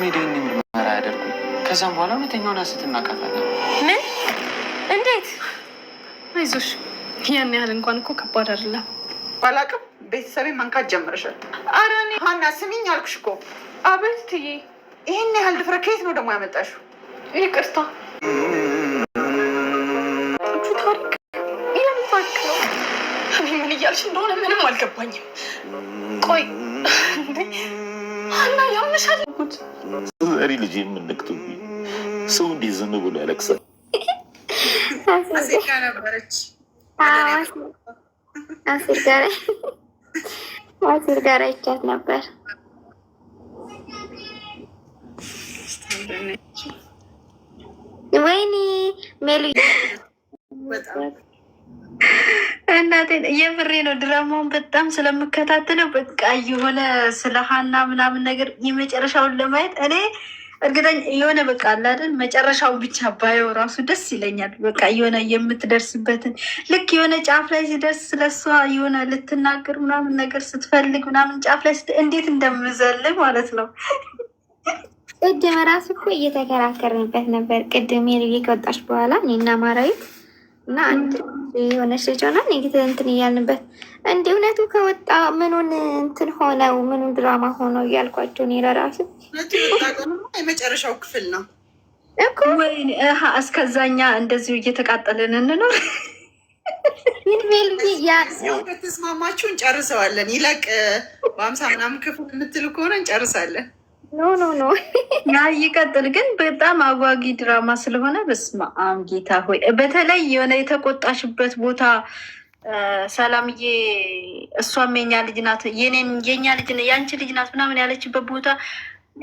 በሜዳ እንድንመራ ያደርጉ። ከዛም በኋላ እውነተኛውን ሀሴት እናቃታለን። ምን? እንዴት? አይዞሽ፣ ያን ያህል እንኳን እኮ ከባድ አይደለም። ባላቅም ቤተሰቤ መንካት ጀምረሻል። ኧረ እኔ ሀና ስሚኝ አልኩሽ እኮ። አቤት እትዬ፣ ይህን ያህል ድፍረ ከየት ነው ደግሞ ያመጣሽው? ይቅርታ ታሪክ ምን እያልሽ እንደሆነ ምንም አልገባኝም። ቆይ እና ያምሻል። ዛሬ ልጅ የምንቅትብኝ ሰው እንዲህ ዝም ብሎ ያለቅሳል። አሲር ጋር አይቻት ነበር። ወይኔ ሜሉ እናቴ የምሬ ነው። ድራማውን በጣም ስለምከታተለው በቃ የሆነ ስለ ሀና ምናምን ነገር የመጨረሻውን ለማየት እኔ እርግጠኛ የሆነ በቃ አላደን መጨረሻውን ብቻ ባየው ራሱ ደስ ይለኛል። በቃ የሆነ የምትደርስበትን ልክ የሆነ ጫፍ ላይ ሲደርስ ስለሷ የሆነ ልትናገር ምናምን ነገር ስትፈልግ ምናምን ጫፍ ላይ ስት እንዴት እንደምዘል ማለት ነው። ቅድም ራሱ እኮ እየተከራከርንበት ነበር። ቅድም የልዬ ከወጣች በኋላ እኔና ማራዊት እና የሆነች ልጅ ሆና እንትን እያልንበት እንዲህ እውነቱ ከወጣ ምኑን እንትን ሆነው ምኑ ድራማ ሆነው እያልኳቸው እኔ ለራሱ የመጨረሻው ክፍል ነው እኮ እስከዛኛ እንደዚሁ እየተቃጠልን እንኖር። ከተስማማችሁ እንጨርሰዋለን። ይለቅ በአምሳ ምናምን ክፍል የምትል ከሆነ እንጨርሳለን። ኖ ኖ ኖ ያ ይቀጥል። ግን በጣም አጓጊ ድራማ ስለሆነ በስመ አብ ጌታ ሆይ፣ በተለይ የሆነ የተቆጣሽበት ቦታ ሰላምዬ፣ እሷም የኛ ልጅ ናት፣ የኛ ልጅ የአንቺ ልጅ ናት ምናምን ያለችበት ቦታ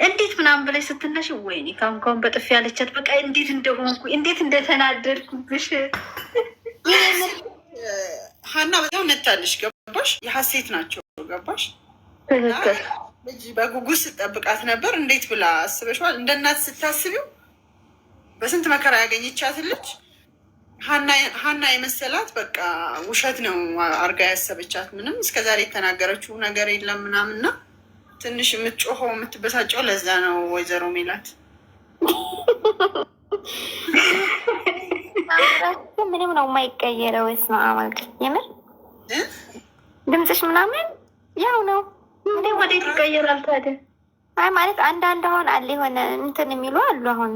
እንዴት ምናምን ብላይ ስትነሽ፣ ወይኔ ካሁን ካሁን በጥፊ ያለቻት በቃ እንዴት እንደሆንኩ እንዴት እንደተናደድኩብሽ ሀና፣ በጣም ነታለሽ። ገባሽ? የሀሴት ናቸው። ገባሽ? ትክክል ልጅ በጉጉት ስጠብቃት ነበር። እንዴት ብላ አስበሽዋል? እንደ እናት ስታስቢው በስንት መከራ ያገኘቻት ልጅ ሀና የመሰላት በቃ ውሸት ነው አርጋ ያሰበቻት። ምንም እስከዛሬ የተናገረችው ነገር የለም ምናምንና ትንሽ የምትጮኸው የምትበሳጨው ለዛ ነው። ወይዘሮ ሜላት ምንም ነው የማይቀየረው። የምር ድምፅሽ ምናምን ያው ነው እንዴ ወዴት ይቀየራል ታዲያ? አይ ማለት አንዳንድ አሁን አለ የሆነ እንትን የሚሉ አሉ። አሁን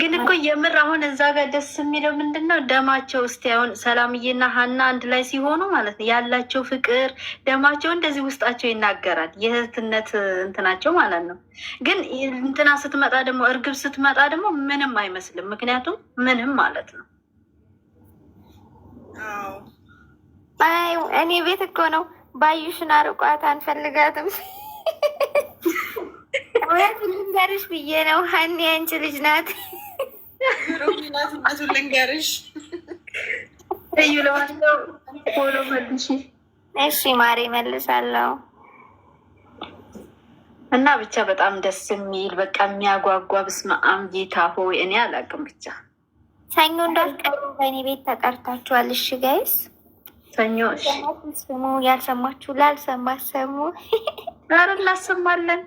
ግን እኮ የምር አሁን እዛ ጋር ደስ የሚለው ምንድን ነው ደማቸው እስቲ አሁን ሰላምዬና ሀና አንድ ላይ ሲሆኑ ማለት ነው ያላቸው ፍቅር ደማቸው እንደዚህ ውስጣቸው ይናገራል። የእህትነት እንትናቸው ማለት ነው። ግን እንትና ስትመጣ ደግሞ እርግብ ስትመጣ ደግሞ ምንም አይመስልም። ምክንያቱም ምንም ማለት ነው እኔ ቤት እኮ ነው ባዩሽን አርቋት አንፈልጋትም። እውነት ልንገርሽ ብዬ ነው ሀኒ አንቺ ልጅ ናት ናት ልንገርሽ ዩ ለዋለው ሎ መልሽ እሺ ማሬ መልሳለሁ። እና ብቻ በጣም ደስ የሚል በቃ የሚያጓጓ በስመ አብ ጌታ ሆይ እኔ አላውቅም። ብቻ ሰኞ እንዳትቀሩ በእኔ ቤት ተጠርታችኋል። እሺ ጋይስ ስሙ ያልሰማችሁ ላልሰማ ሰሙ ኧረ እናሰማለን።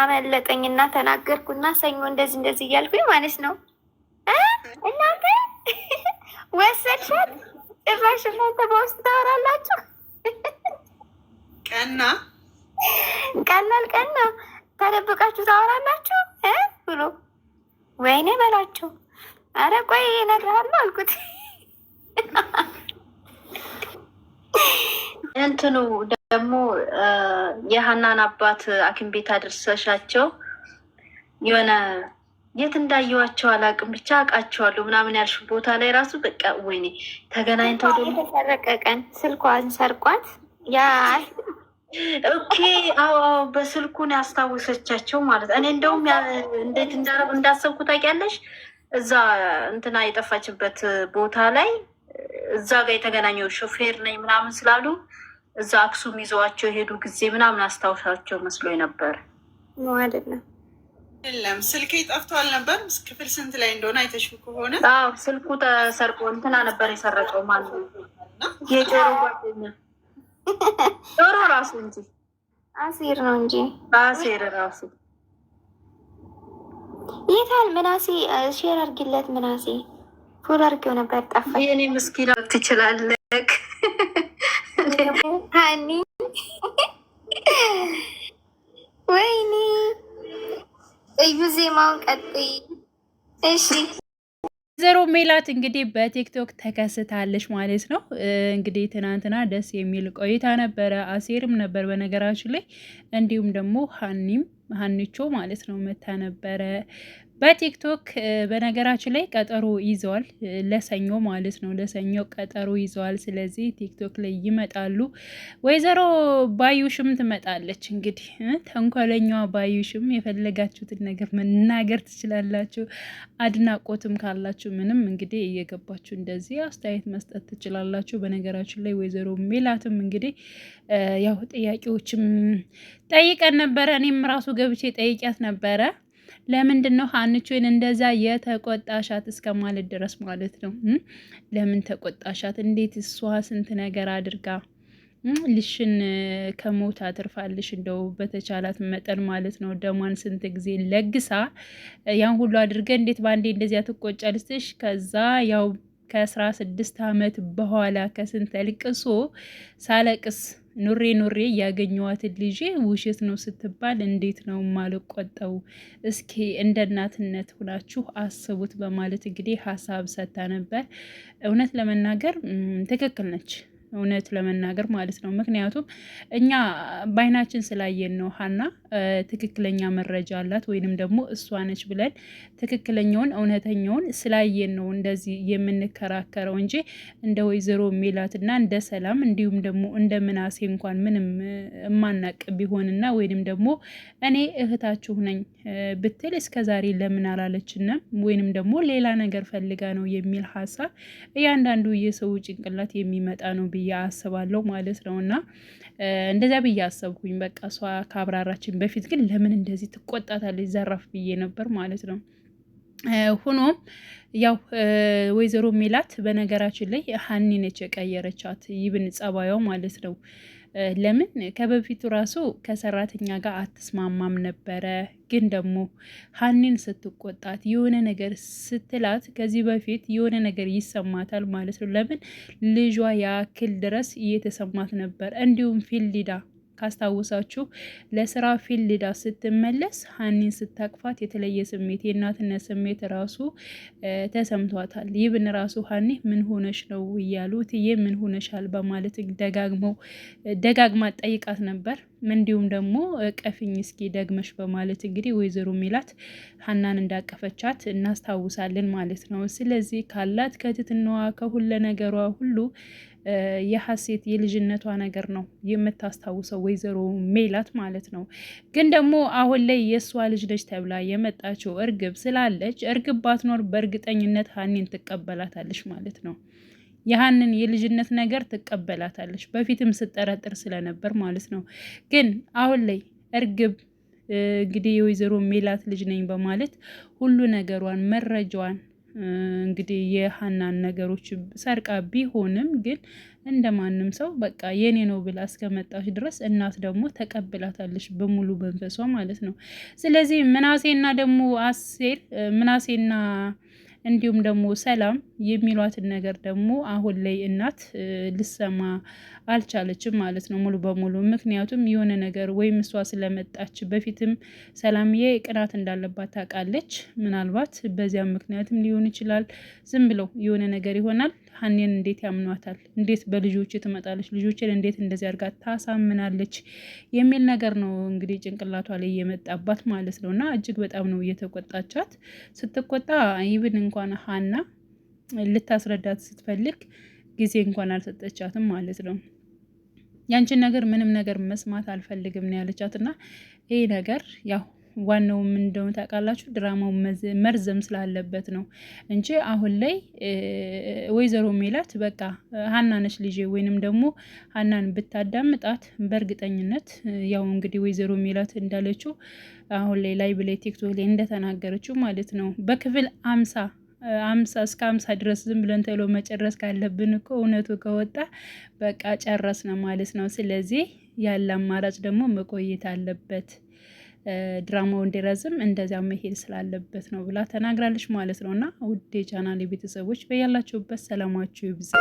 አመለጠኝና ተናገርኩና ሰኞ እንደዚህ እንደዚህ እያልኩኝ ማለት ነው። እናንተ ወሰድሻት ጭራሽ እናንተ በውስጥ ታወራላችሁ። ቀና ቀላል ቀና ተደብቃችሁ ታወራላችሁ ብሎ ወይኔ በላችሁ አረ ቆይ እነግርሃለሁ አልኩት። እንትኑ ደግሞ የሀናን አባት ሐኪም ቤት አድርሰሻቸው የሆነ የት እንዳየዋቸው አላውቅም፣ ብቻ አውቃቸዋለሁ ምናምን ያልሽ ቦታ ላይ ራሱ በቃ ወይኔ ተገናኝተው የተሰረቀ ቀን ስልኳን ሰርቋት ያ ኦኬ፣ አዎ አዎ፣ በስልኩን ያስታወሰቻቸው ማለት እኔ እንደውም እንዴት እንዳሰብኩ ታውቂያለሽ? እዛ እንትና የጠፋችበት ቦታ ላይ እዛ ጋር የተገናኘው ሾፌር ነኝ ምናምን ስላሉ እዛ አክሱም ይዘዋቸው የሄዱ ጊዜ ምናምን አስታውሳቸው መስሎ ነበር። አይደለም የለም፣ ስልኬ ነበር። ክፍል ስንት ላይ እንደሆነ አይተሽ ከሆነ አዎ፣ ስልኩ ተሰርቆ እንትና ነበር የሰረቀው። ማን የጆሮ ጓደኛ ጆሮ ራሱ እንጂ አሴር ነው እንጂ አሴር ራሱ ይታል ምናሴ? ሼር አርግለት። ምናሴ። ፎሎ አድርጊው ነበር ጠፋ። የኔ ምስኪና ትችላለክ ሀኒ። ወይኔ እዩ ዜማውን ቀጥይ እሺ። ወይዘሮ ሜላት እንግዲህ በቲክቶክ ተከስታለች ማለት ነው። እንግዲህ ትናንትና ደስ የሚል ቆይታ ነበረ። አሴርም ነበር በነገራችን ላይ እንዲሁም ደግሞ ሀኒም ሀኒቾ ማለት ነው መታ ነበረ በቲክቶክ በነገራችን ላይ ቀጠሮ ይዘዋል፣ ለሰኞ ማለት ነው። ለሰኞ ቀጠሮ ይዘዋል። ስለዚህ ቲክቶክ ላይ ይመጣሉ። ወይዘሮ ባዩሽም ትመጣለች። እንግዲህ ተንኮለኛዋ ባዩሽም የፈለጋችሁትን ነገር መናገር ትችላላችሁ። አድናቆትም ካላችሁ ምንም እንግዲህ እየገባችሁ እንደዚህ አስተያየት መስጠት ትችላላችሁ። በነገራችን ላይ ወይዘሮ ሜላትም እንግዲህ ያው ጥያቄዎችም ጠይቀን ነበረ። እኔም ራሱ ገብቼ ጠይቂያት ነበረ ለምንድን ነው ሀንቾን እንደዛ የተቆጣሻት እስከ ማለት ድረስ ማለት ነው። ለምን ተቆጣሻት? እንዴት እሷ ስንት ነገር አድርጋ ልሽን ከሞት አትርፋልሽ እንደው በተቻላት መጠን ማለት ነው። ደሟን ስንት ጊዜ ለግሳ ያን ሁሉ አድርገ እንዴት በአንዴ እንደዚያ ትቆጫልስትሽ? ከዛ ያው ከአስራ ስድስት አመት በኋላ ከስንት ልቅሶ ሳለቅስ ኑሬ ኑሬ ያገኘዋትን ልጄ ውሸት ነው ስትባል እንዴት ነው ማልቆጠው? እስኪ እንደ እናትነት ሁናችሁ አስቡት በማለት እንግዲህ ሀሳብ ሰጥታ ነበር። እውነት ለመናገር ትክክል ነች። እውነት ለመናገር ማለት ነው። ምክንያቱም እኛ በአይናችን ስላየን ነው ሀና ትክክለኛ መረጃ አላት ወይንም ደግሞ እሷ ነች ብለን ትክክለኛውን እውነተኛውን ስላየን ነው እንደዚህ የምንከራከረው እንጂ እንደ ወይዘሮ ሜላትና እንደ ሰላም እንዲሁም ደግሞ እንደ ምናሴ እንኳን ምንም እማናቅ ቢሆንና ወይንም ደግሞ እኔ እህታችሁ ነኝ ብትል እስከ ዛሬ ለምን አላለችንም ወይንም ደግሞ ሌላ ነገር ፈልጋ ነው የሚል ሀሳብ እያንዳንዱ የሰው ጭንቅላት የሚመጣ ነው ብዬ ብዬ አስባለሁ ማለት ነው። እና እንደዚያ ብዬ አሰብኩኝ። በቃ እሷ ከአብራራችን በፊት ግን ለምን እንደዚህ ትቆጣታለች ዘራፍ ብዬ ነበር ማለት ነው። ሆኖም ያው ወይዘሮ ሜላት በነገራችን ላይ ሀኒ ነች የቀየረቻት ይብን ጸባዩ ማለት ነው። ለምን ከበፊቱ ራሱ ከሰራተኛ ጋር አትስማማም ነበረ። ግን ደግሞ ሀኒን ስትቆጣት የሆነ ነገር ስትላት ከዚህ በፊት የሆነ ነገር ይሰማታል ማለት ነው። ለምን ልጇ ያክል ድረስ እየተሰማት ነበር። እንዲሁም ፊሊዳ ካስታወሳችሁ ለስራ ፊልዳ ስትመለስ ሀኒን ስታቅፋት የተለየ ስሜት የእናትነት ስሜት ራሱ ተሰምቷታል። ይብን ራሱ ሀኒ ምን ሆነሽ ነው እያሉ ትዬ ምን ሆነሻል በማለት ደጋግመው ደጋግማ ጠይቃት ነበር። እንዲሁም ደግሞ ቀፍኝ እስኪ ደግመሽ በማለት እንግዲህ ወይዘሮ ሚላት ሀናን እንዳቀፈቻት እናስታውሳለን ማለት ነው። ስለዚህ ካላት ከትትናዋ ከሁለ ነገሯ ሁሉ የሀሴት የልጅነቷ ነገር ነው የምታስታውሰው ወይዘሮ ሜላት ማለት ነው። ግን ደግሞ አሁን ላይ የእሷ ልጅ ነች ተብላ የመጣችው እርግብ ስላለች እርግብ ባትኖር በእርግጠኝነት ሀኒን ትቀበላታለች ማለት ነው። የሀንን የልጅነት ነገር ትቀበላታለች። በፊትም ስጠረጥር ስለነበር ማለት ነው። ግን አሁን ላይ እርግብ እንግዲህ የወይዘሮ ሜላት ልጅ ነኝ በማለት ሁሉ ነገሯን መረጃዋን እንግዲህ የሀናን ነገሮች ሰርቃ ቢሆንም ግን እንደማንም ሰው በቃ የኔ ነው ብላ እስከመጣች ድረስ እናት ደግሞ ተቀብላታለች በሙሉ መንፈሷ ማለት ነው። ስለዚህ ምናሴና ደግሞ አሴር ምናሴና እንዲሁም ደግሞ ሰላም የሚሏትን ነገር ደግሞ አሁን ላይ እናት ልሰማ አልቻለችም ማለት ነው ሙሉ በሙሉ ምክንያቱም የሆነ ነገር ወይም እሷ ስለመጣች በፊትም ሰላምዬ ቅናት እንዳለባት ታውቃለች ምናልባት በዚያም ምክንያትም ሊሆን ይችላል ዝም ብለው የሆነ ነገር ይሆናል ሀኔን እንዴት ያምኗታል? እንዴት በልጆች ትመጣለች? ልጆችን እንዴት እንደዚህ አድርጋ ታሳምናለች? የሚል ነገር ነው እንግዲህ ጭንቅላቷ ላይ የመጣባት ማለት ነው። እና እጅግ በጣም ነው እየተቆጣቻት። ስትቆጣ ይብን እንኳን ሀና ልታስረዳት ስትፈልግ ጊዜ እንኳን አልሰጠቻትም ማለት ነው። ያንቺን ነገር ምንም ነገር መስማት አልፈልግም ነው ያለቻት። እና ይህ ነገር ያው ዋናው ምን እንደሆነ ታውቃላችሁ? ድራማው መርዘም ስላለበት ነው እንጂ አሁን ላይ ወይዘሮ ሜላት በቃ ሀናነች ልጄ ወይንም ደግሞ ሀናን ብታዳምጣት በእርግጠኝነት ያው እንግዲህ ወይዘሮ ሜላት እንዳለችው አሁን ላይ ላይ ብላይ ቲክቶክ ላይ እንደተናገረችው ማለት ነው በክፍል አምሳ አምሳ እስከ አምሳ ድረስ ዝም ብለን ተሎ መጨረስ ካለብን እኮ እውነቱ ከወጣ በቃ ነው ማለት ነው። ስለዚህ ያለ አማራጭ ደግሞ መቆየት አለበት። ድራማው እንዲረዝም እንደዚያ መሄድ ስላለበት ነው ብላ ተናግራለች ማለት ነው። እና ውድ የቻናሌ ቤተሰቦች በያላችሁበት ሰላማችሁ ይብዛ።